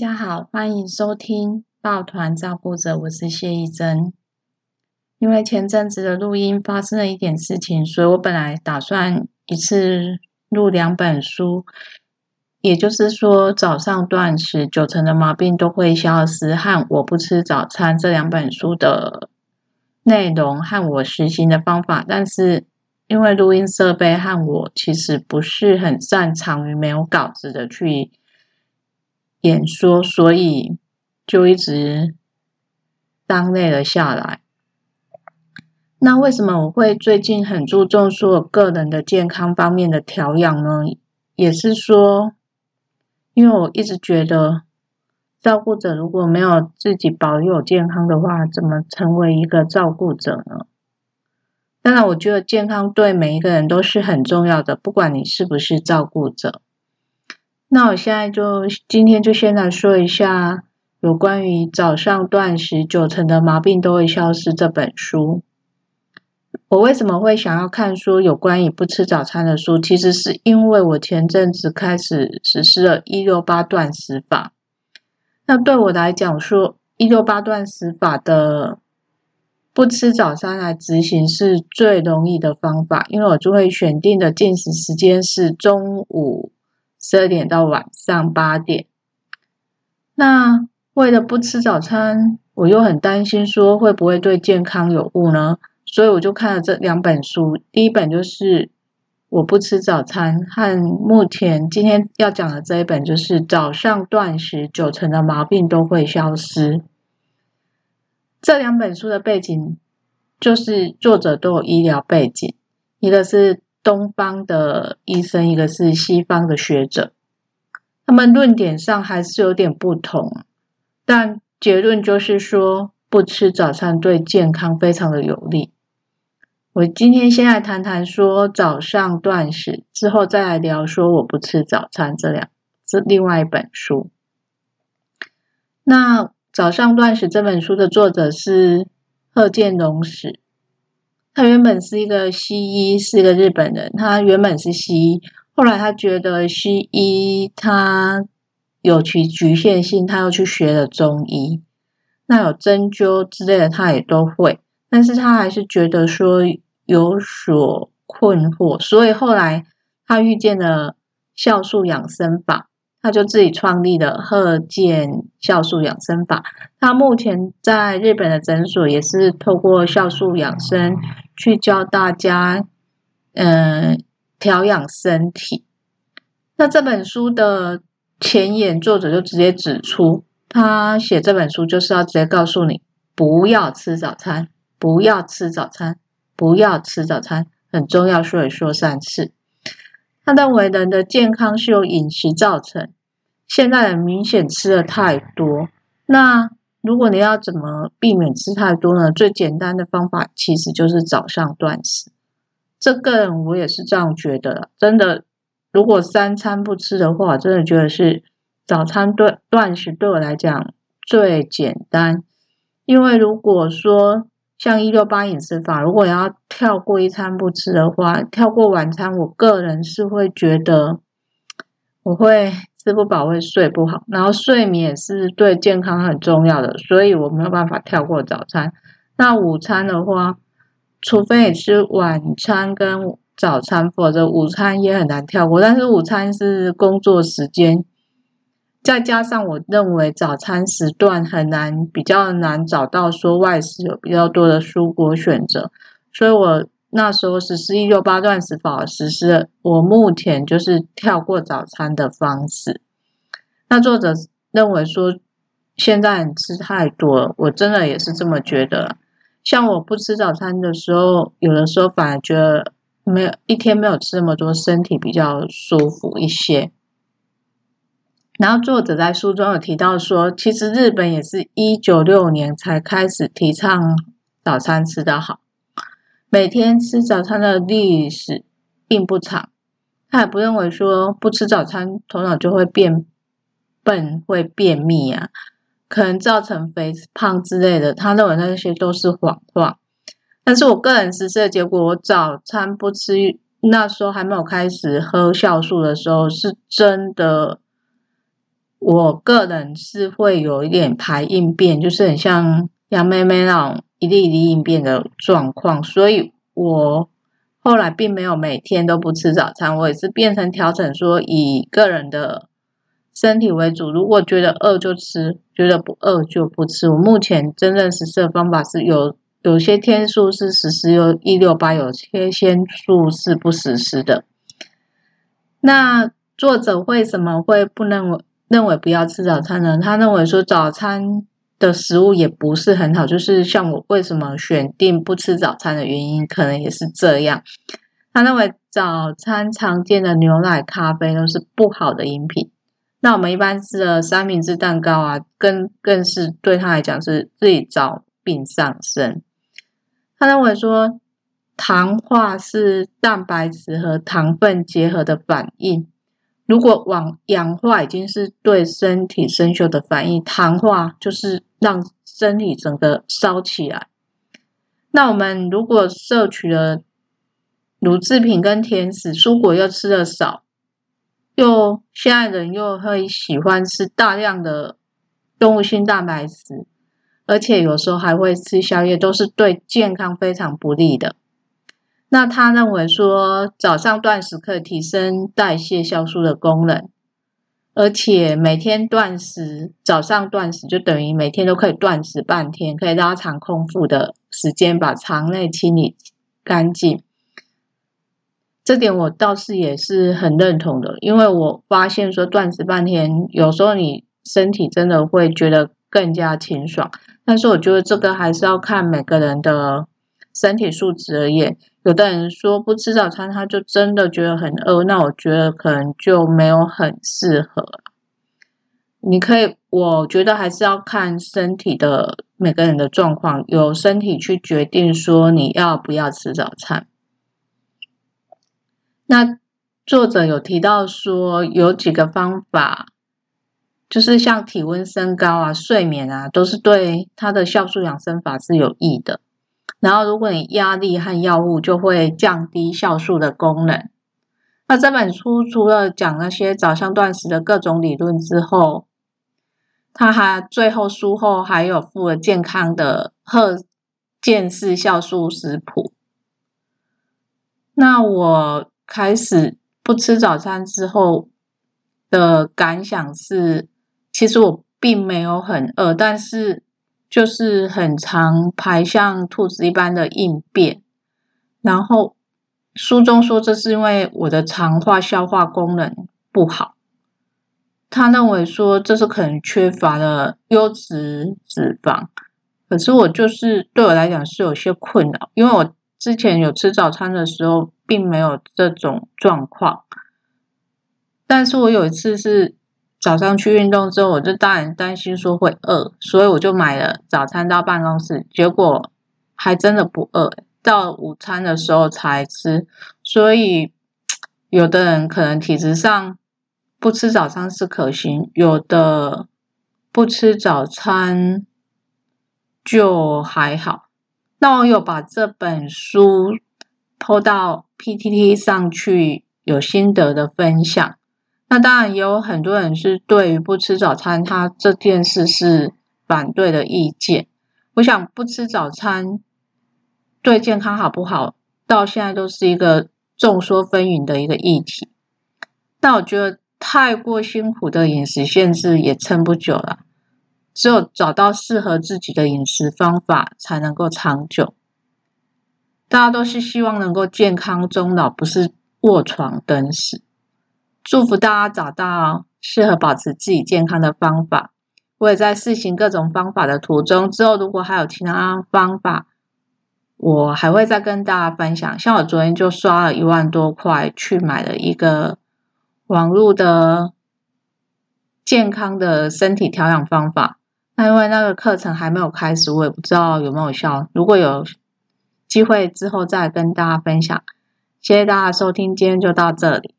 大家好，歡迎收聽《抱團照顧者》，我是謝一珍。因為前陣子的錄音發生了一點事情，所以我本來打算一次錄兩本書，也就是說，早上斷食九成的毛病都會消失，和我不吃早餐這兩本書的內容和我實行的方法。但是因為錄音設備和我其實不是很擅長於沒有稿子的去演說，所以就一直當累了下來。那為什麼我會最近很注重說我個人的健康方面的調養呢？也是說，因為我一直覺得，照顧者如果沒有自己保有健康的話，怎麼成為一個照顧者呢？當然，我覺得健康對每一個人都是很重要的，不管你是不是照顧者。那我現在就今天就先來說一下有關於早上斷食，九成的毛病都會消失這本書。我為什麼會想要看說有關於不吃早餐的書？其實是因為我前陣子開始實施了168斷食法。那對我來講，說168斷食法的不吃早餐來執行是最容易的方法，因為我就會選定的進食時間是中午。十二點到晚上八點，那為了不吃早餐，我又很擔心說會不會對健康有誤呢？所以我就看了這兩本書，第一本就是我不吃早餐，和目前今天要講的這一本就是早上斷食，九成的毛病都會消失。這兩本書的背景就是作者都有醫療背景，一個是。東方的醫生，一個是西方的學者，他們論點上還是有點不同，但結論就是說不吃早餐對健康非常的有利。我今天先來談談說早上斷食，之後再來聊說我不吃早餐這兩這另外一本書。那早上斷食這本書的作者是鶴見隆史。他原本是一個西醫，是一個日本人。他原本是西醫，後來他覺得西醫他有其局限性，他又去學了中醫。那有針灸之類的，他也都會，但是他還是覺得說有所困惑，所以後來他遇見了酵素養生法。他就自己創立了鶴見酵素養生法，他目前在日本的診所也是透過酵素養生去教大家，嗯、呃，調養身體。那這本書的前言，作者就直接指出，他寫這本書就是要直接告訴你，不要吃早餐，不要吃早餐，不要吃早餐，很重要，所以說三次。他認為人的健康是由飲食造成，現在人明顯吃了太多。那如果你要怎麼避免吃太多呢？最簡單的方法其實就是早上斷食。這個我也是這樣覺得，真的。如果三餐不吃的話，真的覺得是早餐斷斷食對我來講最簡單，因為如果說。像一六八飲食法，如果要跳過一餐不吃的話，跳過晚餐，我個人是會覺得我會吃不飽，會睡不好。然後睡眠，是對健康很重要的，所以我沒有辦法跳過早餐。那午餐的話，除非你吃晚餐跟早餐，否則午餐也很難跳過。但是午餐是工作時間。再加上我認為早餐時段很難，比較難找到說外食有比較多的蔬果選擇，所以我那時候實施一六八斷食保實施，我目前就是跳過早餐的方式。那作者認為說現在吃太多，我真的也是這麼覺得。像我不吃早餐的時候，有的時候反而覺得沒有，一天沒有吃那麼多，身體比較舒服一些。然後作者在書中有提到說，其實日本也是一九六年才開始提倡早餐吃得好，每天吃早餐的歷史並不長。他也不認為說不吃早餐頭腦就會變笨、會便秘啊，可能造成肥胖之類的。他認為那些都是謊話。但是我個人實施的結果，我早餐不吃，那時候還沒有開始喝酵素的時候，是真的。我個人是會有一點排硬便，就是很像羊咩咩那種一粒一粒硬便的狀況，所以我後來並沒有每天都不吃早餐，我也是變成調整說以個人的身體為主，如果覺得餓就吃，覺得不餓就不吃。我目前真正實施的方法是有有些天數是實施有一六八，有，有些天數是不實施的。那作者為什麼會不能？認為不要吃早餐呢？他認為說早餐的食物也不是很好，就是像我為什麼選定不吃早餐的原因，可能也是這樣。他認為早餐常見的牛奶、咖啡都是不好的飲品。那我們一般吃的三明治、蛋糕啊，更更是對他來講是最招病上身。他認為說糖化是蛋白質和糖分結合的反應。如果往氧化，已經是對身體生鏽的反應，糖化就是讓身體整個燒起來。那我們如果攝取了乳制品跟甜食、蔬果又吃得少，又現在人又會喜歡吃大量的動物性蛋白質，而且有時候還會吃宵夜，都是對健康非常不利的。那他認為說，早上斷食可以提升代謝酵素的功能，而且每天斷食，早上斷食就等於每天都可以斷食半天，可以拉長空腹的時間，把腸內清理乾淨。這點我倒是也是很認同的，因為我發現說斷食半天，有時候你身體真的會覺得更加清爽。但是我覺得這個還是要看每個人的。身體素質而言，有的人說不吃早餐，他就真的覺得很餓。那我覺得可能就沒有很適合。你可以，我覺得還是要看身體的每個人的狀況，由身體去決定說你要不要吃早餐。那作者有提到說，有幾個方法，就是像體溫升高啊、睡眠啊，都是對他的酵素養生法是有益的。然後，如果你壓力和藥物就會降低酵素的功能。那這本書除了講那些早上斷食的各種理論之後，他還最後書後還有附了健康的鶴見式酵素食譜。那我開始不吃早餐之後的感想是，其實我並沒有很餓，但是。就是很常排像兔子一般的硬便，然後書中說這是因為我的腸化消化功能不好，他認為說這是可能缺乏了優質脂肪，可是我就是對我來講是有些困擾，因為我之前有吃早餐的時候並沒有這種狀況，但是我有一次是。早上去運動之後，我就當然擔心說會餓，所以我就買了早餐到辦公室。結果還真的不餓，到午餐的時候才吃。所以，有的人可能體質上不吃早餐是可行，有的不吃早餐就還好。那我有把這本書 po 到 PTT 上去，有心得的分享。那當然也有很多人是對於不吃早餐，他這件事是反對的意見。我想不吃早餐對健康好不好，到現在都是一個眾說紛紜的一個議題。但我覺得太過辛苦的飲食限制也撐不久了，只有找到適合自己的飲食方法，才能夠長久。大家都是希望能夠健康終老，不是臥床等死。祝福大家找到適合保持自己健康的方法。我也在試行各種方法的途中，之後如果還有其他方法，我還會再跟大家分享。像我昨天就刷了一萬多塊去買了一個網絡的健康的身體調養方法，那因為那個課程還沒有開始，我也不知道有沒有效。如果有機會之後再跟大家分享。謝謝大家收聽，今天就到這裡。